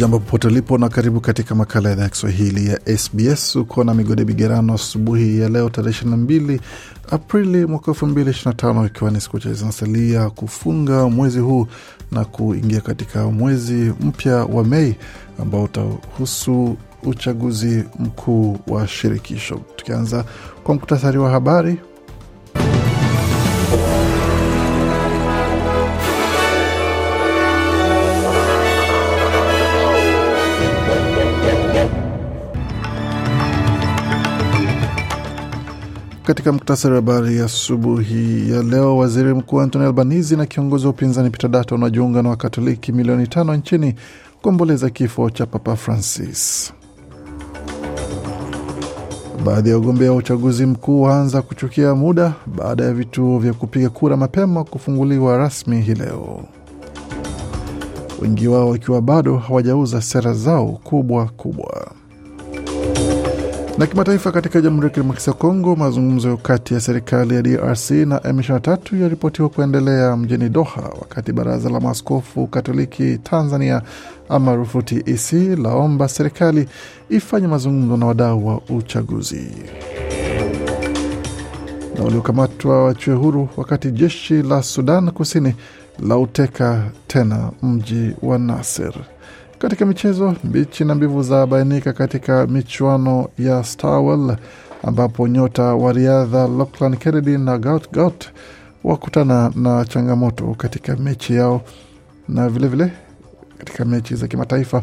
Jambo popote ulipo na karibu katika makala ya idhaa ya Kiswahili ya SBS. Uko na Migode migerano asubuhi ya leo tarehe 22 Aprili mwaka 2025, ikiwa ni siku chache zinasalia kufunga mwezi huu na kuingia katika mwezi mpya wa Mei ambao utahusu uchaguzi mkuu wa shirikisho. Tukianza kwa muktasari wa habari. Katika muktasari wa habari asubuhi ya, ya leo, waziri mkuu Antoni Albanizi na kiongozi wa upinzani Peter unajiunga wanajiunga na Wakatoliki milioni tano nchini kuomboleza kifo cha Papa Francis. Baadhi ya wagombea wa uchaguzi mkuu waanza kuchukia muda baada ya vituo vya kupiga kura mapema kufunguliwa rasmi hii leo, wengi wao wakiwa bado hawajauza sera zao kubwa kubwa. Na kimataifa, katika Jamhuri ya Kidemokrasia ya Kongo, mazungumzo kati ya serikali ya DRC na M23 yaripotiwa kuendelea mjini Doha, wakati baraza la maaskofu Katoliki Tanzania amaarufu TEC laomba serikali ifanye mazungumzo na wadau wa uchaguzi. Na waliokamatwa wachue huru, wakati jeshi la Sudan Kusini lauteka tena mji wa naser katika michezo, mbichi na mbivu za bainika katika michuano ya stawell ambapo nyota wa riadha Lachlan Kennedy na Gout Gout wakutana na changamoto katika mechi yao, na vilevile vile, katika mechi za kimataifa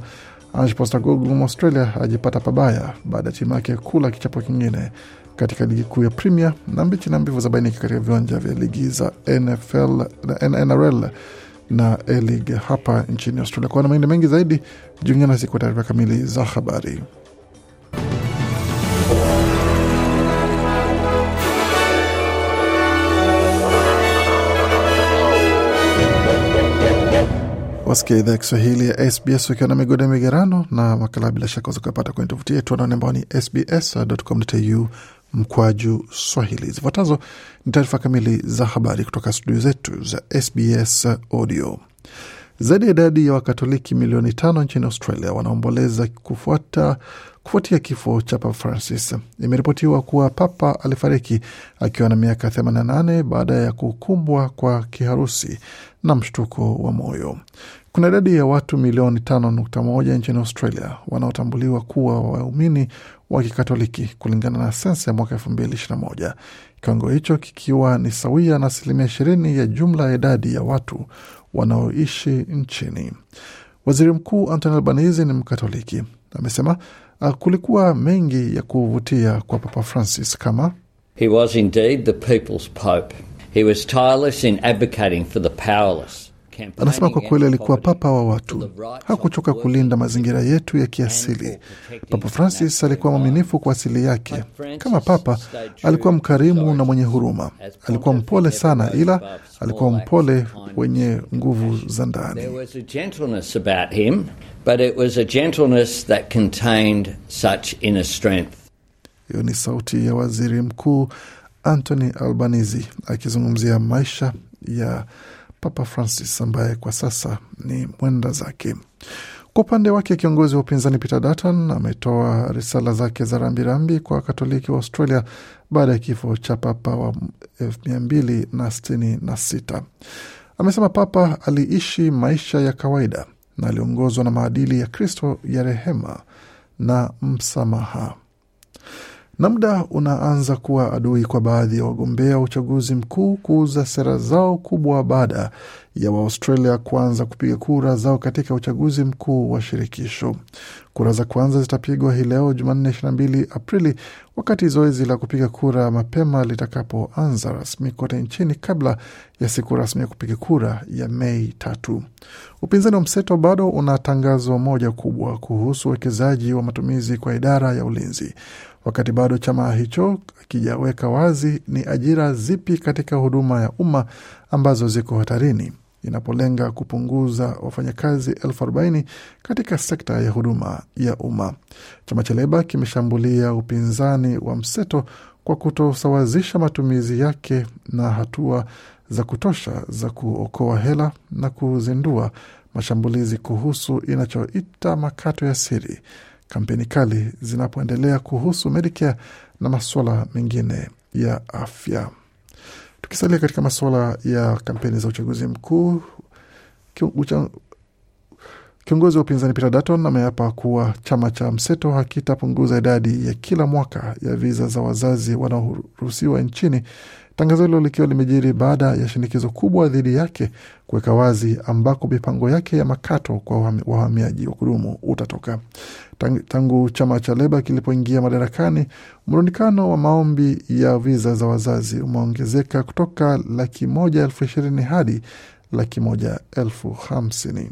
Ange Postecoglou Australia ajipata pabaya baada ya timu yake kula kichapo kingine katika ligi kuu ya Premier, na mbichi na mbivu za bainika katika viwanja vya ligi za NFL na NRL na A-League hapa nchini Australia. Kwa na maeneo mengi zaidi, jiunge nasi kwa taarifa kamili za habari. Wasikia idhaa ya Kiswahili ya SBS ukiwa na migodo ya migerano na makala, bila shaka wazakapata kwenye tovuti yetu anaone ambao ni sbs.com.au mkwaju Swahili. Zifuatazo ni taarifa kamili za habari kutoka studio zetu za SBS Audio. Zaidi ya idadi ya Wakatoliki milioni tano nchini Australia wanaomboleza kufuata kufuatia kifo cha Papa Francis. Imeripotiwa kuwa Papa alifariki akiwa na miaka 88 baada ya kukumbwa kwa kiharusi na mshtuko wa moyo. Kuna idadi ya watu milioni tano nchini Australia wanaotambuliwa kuwa waumini wa Kikatoliki kulingana na sensa ya mwaka elfu mbili na moja, kiwango hicho kikiwa ni sawia na asilimia ishirini ya jumla ya idadi ya watu wanaoishi nchini. Waziri Mkuu Anthony Albanese ni Mkatoliki, amesema ah, kulikuwa mengi ya kuvutia kwa Papa Francis kama He was indeed the people's pope. He was tireless in advocating for the powerless. Anasema kwa kweli alikuwa papa wa watu, hakuchoka kulinda mazingira yetu ya kiasili. Papa Francis alikuwa mwaminifu kwa asili yake. Kama papa, alikuwa mkarimu na mwenye huruma, alikuwa mpole sana, ila alikuwa mpole wenye nguvu za ndani. Hiyo ni sauti ya waziri mkuu Anthony Albanese akizungumzia maisha ya Papa Francis ambaye kwa sasa ni mwenda zake. Kwa upande wake kiongozi wa upinzani Peter Dutton ametoa risala zake za rambirambi kwa Wakatoliki wa Australia baada ya kifo cha papa wa 266. Amesema papa aliishi maisha ya kawaida na aliongozwa na maadili ya Kristo ya rehema na msamaha na muda unaanza kuwa adui kwa baadhi ya wagombea wa uchaguzi mkuu kuuza sera zao kubwa baada ya Waaustralia kuanza kupiga kura zao katika uchaguzi mkuu wa shirikisho. Kura za kwanza zitapigwa hii leo Jumanne 22 Aprili, wakati zoezi la kupiga kura mapema litakapoanza rasmi kote nchini kabla ya siku rasmi ya kupiga kura ya Mei tatu. Upinzani wa mseto bado una tangazo moja kubwa kuhusu uwekezaji wa matumizi kwa idara ya ulinzi wakati bado chama hicho akijaweka wazi ni ajira zipi katika huduma ya umma ambazo ziko hatarini inapolenga kupunguza wafanyakazi elfu arobaini katika sekta ya huduma ya umma. Chama cha Leba kimeshambulia upinzani wa mseto kwa kutosawazisha matumizi yake na hatua za kutosha za kuokoa hela na kuzindua mashambulizi kuhusu inachoita makato ya siri kampeni kali zinapoendelea kuhusu Medicare na masuala mengine ya afya. Tukisalia katika masuala ya kampeni za uchaguzi mkuu, Kiongozi wa upinzani Peter Dutton ameapa kuwa chama cha mseto hakitapunguza idadi ya kila mwaka ya viza za wazazi wanaoruhusiwa nchini, tangazo hilo likiwa limejiri baada ya shinikizo kubwa dhidi yake kuweka wazi ambako mipango yake ya makato kwa wahamiaji wa kudumu utatoka. Tangu chama cha Leba kilipoingia madarakani, mrundikano wa maombi ya viza za wazazi umeongezeka kutoka laki moja elfu ishirini hadi laki moja elfu hamsini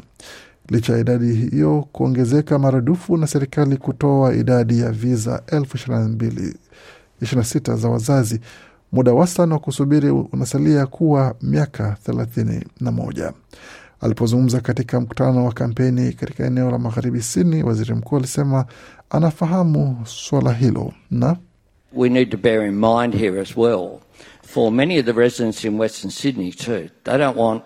licha ya idadi hiyo kuongezeka maradufu na serikali kutoa idadi ya viza elfu ishirini na mbili ishirini na sita za wazazi. Muda wastani wa kusubiri unasalia kuwa miaka thelathini na moja. Alipozungumza katika mkutano wa kampeni katika eneo la magharibi Sydney, waziri mkuu alisema anafahamu swala hilo na We need to bear in mind here as well for many of the residents in Western Sydney too they don't want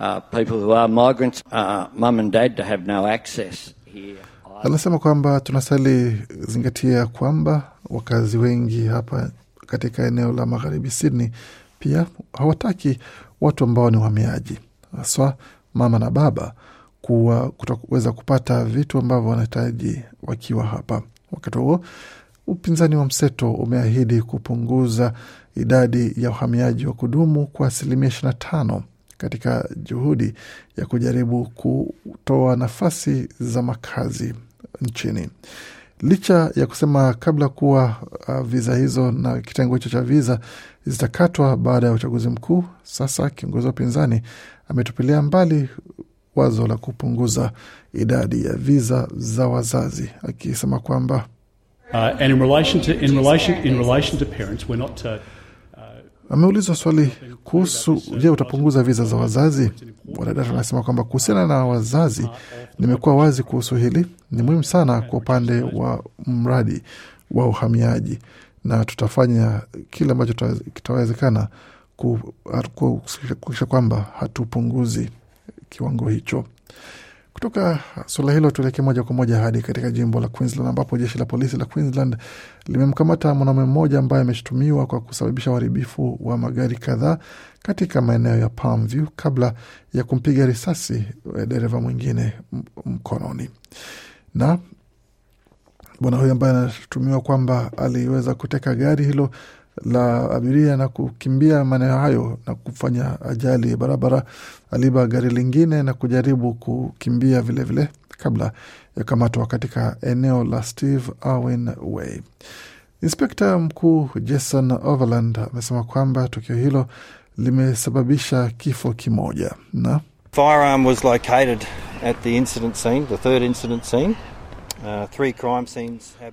Uh, people who are migrants, uh, mum and dad to have no access here. Anasema kwamba tunasali zingatia kwamba wakazi wengi hapa katika eneo la magharibi Sydney pia hawataki watu ambao ni wahamiaji haswa mama na baba kuwa kutoweza kupata vitu ambavyo wanahitaji wakiwa hapa. Wakati huo upinzani wa mseto umeahidi kupunguza idadi ya uhamiaji wa kudumu kwa asilimia ishirini na tano katika juhudi ya kujaribu kutoa nafasi za makazi nchini licha ya kusema kabla kuwa uh, viza hizo na kitengo hicho cha viza zitakatwa baada ya uchaguzi mkuu. Sasa kiongozi wa upinzani ametupilia mbali wazo la kupunguza idadi ya viza za wazazi, akisema kwamba uh, Ameulizwa swali kuhusu je, utapunguza viza za wazazi. wanadata anasema kwamba kuhusiana na wazazi, nimekuwa wazi kuhusu hili, ni muhimu sana kwa upande wa mradi wa uhamiaji, na tutafanya kile ambacho kitawezekana kuhakikisha kwamba hatupunguzi kiwango hicho. Kutoka suala hilo tuelekee moja kwa moja hadi katika jimbo la Queensland ambapo jeshi la polisi la Queensland limemkamata mwanaume mmoja ambaye ameshutumiwa kwa kusababisha uharibifu wa magari kadhaa katika maeneo ya Palmview kabla ya kumpiga risasi eh, dereva mwingine mkononi. Na bwana huyo ambaye anashutumiwa kwamba aliweza kuteka gari hilo la abiria na kukimbia maeneo hayo na kufanya ajali barabara, aliba gari lingine na kujaribu kukimbia vilevile vile, kabla ya kamatwa katika eneo la Steve Irwin Way. Inspekta mkuu Jason Overland amesema kwamba tukio hilo limesababisha kifo kimoja na Firearm was located at the incident scene, the third incident scene. Uh,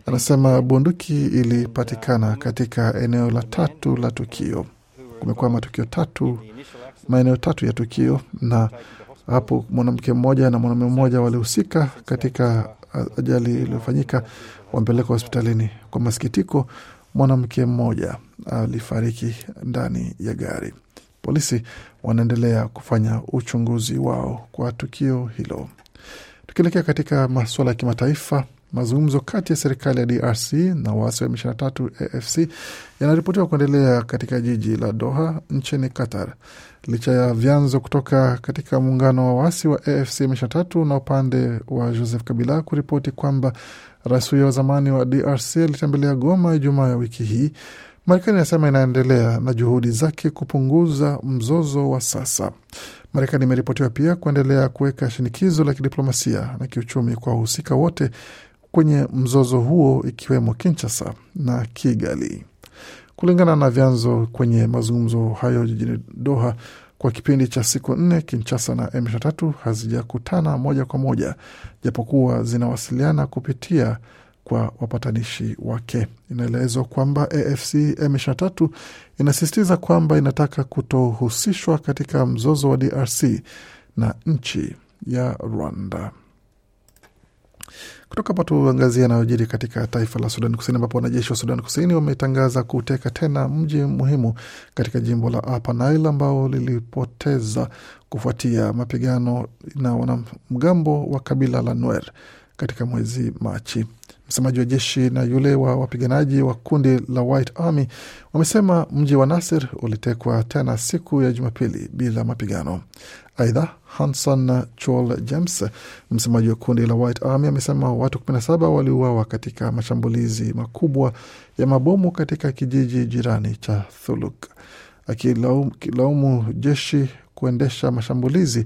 Anasema bunduki ilipatikana uh, katika eneo la tatu la uh, tukio. Kumekuwa matukio tatu, maeneo tatu ya tukio, na hapo mwanamke mmoja na mwanaume mmoja walihusika katika ajali iliyofanyika, wampelekwa hospitalini. Kwa masikitiko, mwanamke mmoja alifariki ndani ya gari. Polisi wanaendelea kufanya uchunguzi wao kwa tukio hilo. Tukielekea katika masuala ya kimataifa, mazungumzo kati ya serikali ya DRC na waasi wa M23 AFC yanaripotiwa kuendelea katika jiji la Doha nchini Qatar, licha ya vyanzo kutoka katika muungano wa waasi wa AFC M23 na upande wa Joseph Kabila kuripoti kwamba rais huyo wa zamani wa DRC alitembelea Goma Ijumaa ya wiki hii. Marekani inasema inaendelea na juhudi zake kupunguza mzozo wa sasa. Marekani imeripotiwa pia kuendelea kuweka shinikizo la kidiplomasia na kiuchumi kwa wahusika wote kwenye mzozo huo ikiwemo Kinshasa na Kigali, kulingana na vyanzo kwenye mazungumzo hayo jijini Doha. Kwa kipindi cha siku nne, Kinshasa na M23 hazijakutana moja kwa moja, japokuwa zinawasiliana kupitia kwa wapatanishi wake. Inaelezwa kwamba AFC M23 inasisitiza kwamba inataka kutohusishwa katika mzozo wa DRC na nchi ya Rwanda. Kutoka hapa tuangazia yanayojiri katika taifa la Sudan Kusini, ambapo wanajeshi wa Sudan Kusini wametangaza kuteka tena mji muhimu katika jimbo la Upper Nile ambao lilipoteza kufuatia mapigano na wanamgambo wa kabila la Nuer katika mwezi Machi. Msemaji wa jeshi na yule wa wapiganaji wa kundi la White Army wamesema mji wa Nasir ulitekwa tena siku ya Jumapili bila mapigano. Aidha, Hanson Chol James, msemaji wa kundi la White Army, amesema watu 17 waliuawa katika mashambulizi makubwa ya mabomu katika kijiji jirani cha Thuluk, akilaumu jeshi kuendesha mashambulizi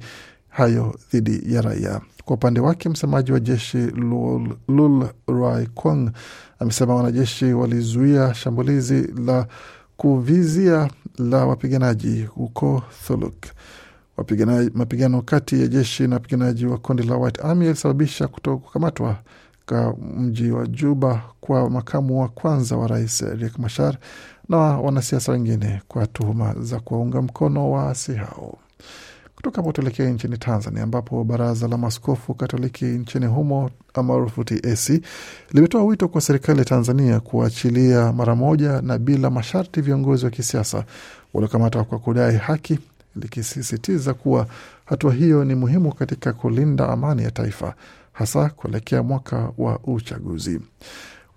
hayo dhidi ya raia. Kwa upande wake msemaji wa jeshi Lul, Rai Kwang amesema wanajeshi walizuia shambulizi la kuvizia la wapiganaji huko Thuluk. Mapigano kati ya jeshi na wapiganaji wa kundi la White Army yalisababisha kukamatwa ka mji wa Juba kwa makamu wa kwanza wa rais Riek Machar na wanasiasa wengine kwa tuhuma za kuwaunga mkono waasi hao. Kutoka hapo tuelekee nchini Tanzania, ambapo baraza la maskofu Katoliki nchini humo maarufu TAC limetoa wito kwa serikali ya Tanzania kuachilia mara moja na bila masharti viongozi wa kisiasa waliokamatwa kwa kudai haki, likisisitiza kuwa hatua hiyo ni muhimu katika kulinda amani ya taifa, hasa kuelekea mwaka wa uchaguzi.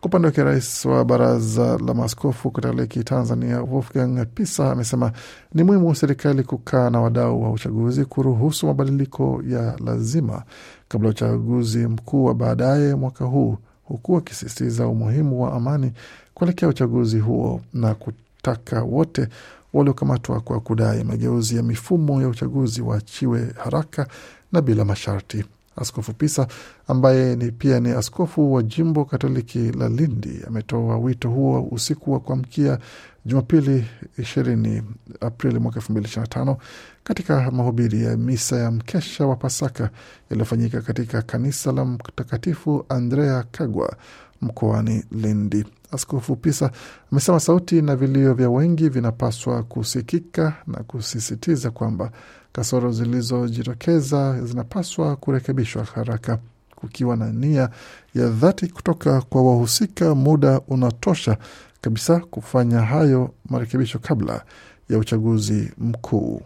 Kwa upande wake rais wa baraza la maaskofu Katoliki Tanzania Wolfgang Pisa amesema ni muhimu serikali kukaa na wadau wa uchaguzi kuruhusu mabadiliko ya lazima kabla ya uchaguzi mkuu wa baadaye mwaka huu, huku akisisitiza umuhimu wa amani kuelekea uchaguzi huo na kutaka wote waliokamatwa kwa kudai mageuzi ya mifumo ya uchaguzi waachiwe haraka na bila masharti. Askofu Pisa ambaye ni pia ni askofu wa jimbo Katoliki la Lindi ametoa wito huo usiku wa kuamkia Jumapili 20 Aprili mwaka elfu katika mahubiri ya misa ya mkesha wa Pasaka yaliyofanyika katika kanisa la Mtakatifu Andrea Kagwa mkoani Lindi. Askofu Pisa amesema sauti na vilio vya wengi vinapaswa kusikika na kusisitiza kwamba kasoro zilizojitokeza zinapaswa kurekebishwa haraka, kukiwa na nia ya dhati kutoka kwa wahusika. Muda unatosha kabisa kufanya hayo marekebisho kabla ya uchaguzi mkuu.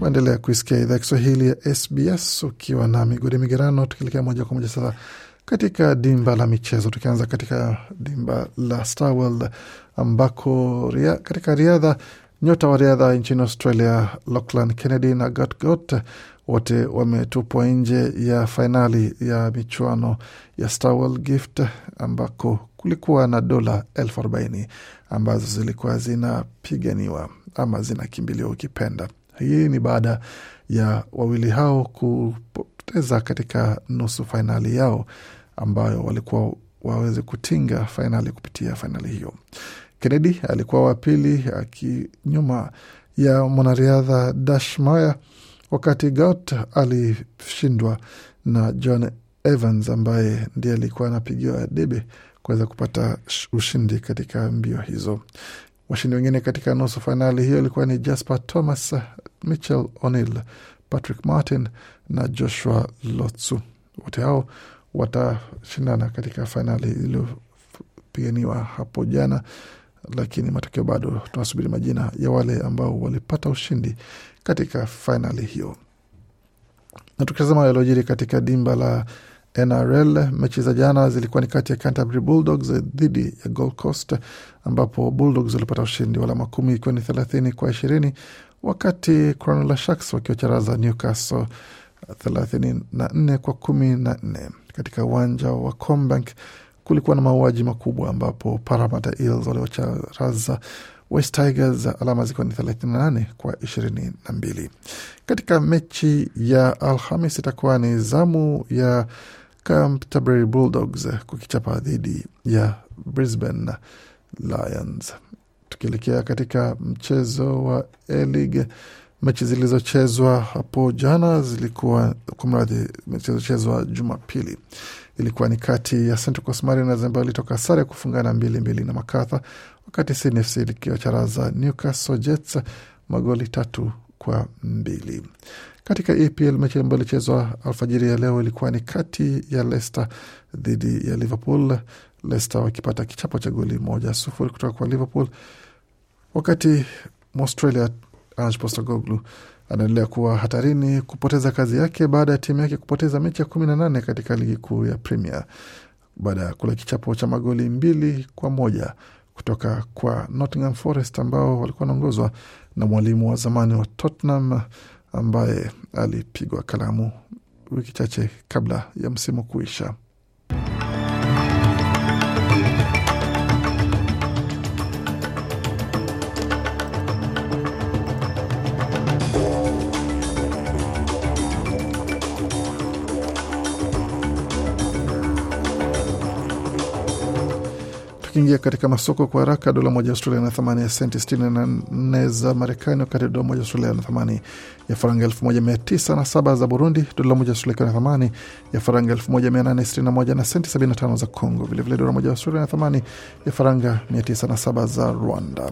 Waendelea kuisikia idhaa Kiswahili ya SBS ukiwa na migodi migerano, tukielekea moja kwa moja sasa katika dimba la michezo, tukianza katika dimba la ambako ria, katika riadha Nyota wa riadha nchini Australia Lachlan Kennedy na Gotgot wote wametupwa nje ya fainali ya michuano ya Starwell Gift ambako kulikuwa na dola elfu arobaini ambazo zilikuwa zinapiganiwa ama zinakimbiliwa ukipenda. Hii ni baada ya wawili hao kupoteza katika nusu fainali yao ambayo walikuwa waweze kutinga fainali kupitia fainali hiyo. Kennedy alikuwa wa pili akinyuma ya mwanariadha Dash Maya, wakati Gout alishindwa na John Evans ambaye ndiye alikuwa anapigiwa debe kuweza kupata ushindi katika mbio hizo. Washindi wengine katika nusu fainali hiyo ilikuwa ni Jasper Thomas, Mitchell O'Neil, Patrick Martin na Joshua Lotsu. Wote hao watashindana katika fainali iliyopiganiwa hapo jana lakini matokeo bado tunasubiri majina ya wale ambao walipata ushindi katika fainali hiyo. Na tukitazama yaliojiri katika dimba la NRL, mechi za jana zilikuwa ni kati ya Canterbury Bulldogs dhidi ya Gold Coast, ambapo Bulldogs walipata ushindi wa alama kumi ikiwa ni thelathini kwa ishirini wakati Cronulla Sharks wakiwacharaza Newcastle thelathini na nne kwa kumi na nne katika uwanja wa Combank kulikuwa na mauaji makubwa ambapo Parramatta Eels waliocharaza West Tigers alama zikiwa ni 38 kwa 22. Katika mechi ya Alhamis itakuwa ni zamu ya Canterbury Bulldogs kukichapa dhidi ya Brisbane Lions. Tukielekea katika mchezo wa A-League, mechi zilizochezwa hapo jana zilikuwa kwa mradhi zilizochezwa Jumapili Ilikuwa ni kati ya Central Coast Mariners ambayo ilitoka sare ya kufungana mbili mbili na Macarthur, wakati CNFC likiwacharaza Newcastle Jets magoli tatu kwa mbili. Katika EPL mechi ambayo ilichezwa alfajiri ya leo ilikuwa ni kati ya Leicester dhidi ya Liverpool, Leicester wakipata kichapo cha goli moja sufuri kutoka kwa Liverpool, wakati Australia Ange Postecoglou anaendelea kuwa hatarini kupoteza kazi yake baada ya timu yake kupoteza mechi ya kumi na nane katika ligi kuu ya Premier baada ya kula kichapo cha magoli mbili kwa moja kutoka kwa Nottingham Forest ambao walikuwa wanaongozwa na mwalimu wa zamani wa Tottenham ambaye alipigwa kalamu wiki chache kabla ya msimu kuisha. kiingia katika masoko kwa haraka. Dola moja Australia na thamani ya senti 64 za Marekani, wakati dola moja Australia na thamani ya faranga 1907 za Burundi, dola moja Australia ikiwa na thamani ya faranga 1861 na senti 75 za Congo. Vilevile dola moja Australia na thamani ya faranga 907 za Rwanda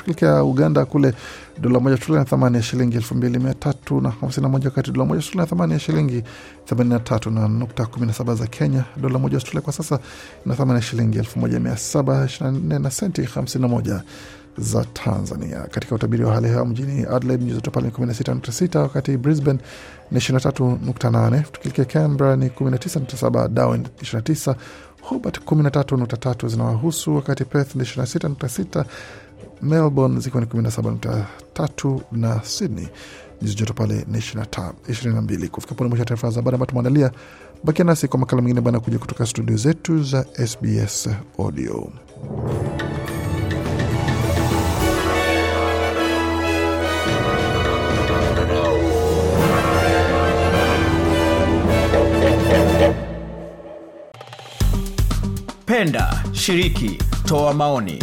tukilekea Uganda kule dola moja tulikuwa na thamani ya shilingi elfu mbili mia tatu na hamsini na moja wakati dola moja tulikuwa na thamani ya shilingi themanini na tatu na nukta kumi na saba za Kenya. Dola moja tulia kwa sasa ina thamani ya shilingi elfu moja mia saba ishirini na nne na senti hamsini na moja za Tanzania. Katika utabiri wa hali ya hewa mjini Adelaide nyuzi joto pale ni kumi na sita nukta sita wakati Brisbane ni na tatu nukta nane tukilekea Canberra ni kumi na tisa nukta 19.7, Darwin tisa Hobart kumi na tatu nukta tatu zinawahusu, wakati Perth ni na sita nukta sita Melbourne zikiwa ni 17.3 na Sydney nyuzi joto pale ni 22. Kufika pone mwisho ya taarifa za habari ambayo tumeandalia. Bakia nasi kwa makala mengine bana kuja kutoka studio zetu za SBS Audio. Penda, shiriki, toa maoni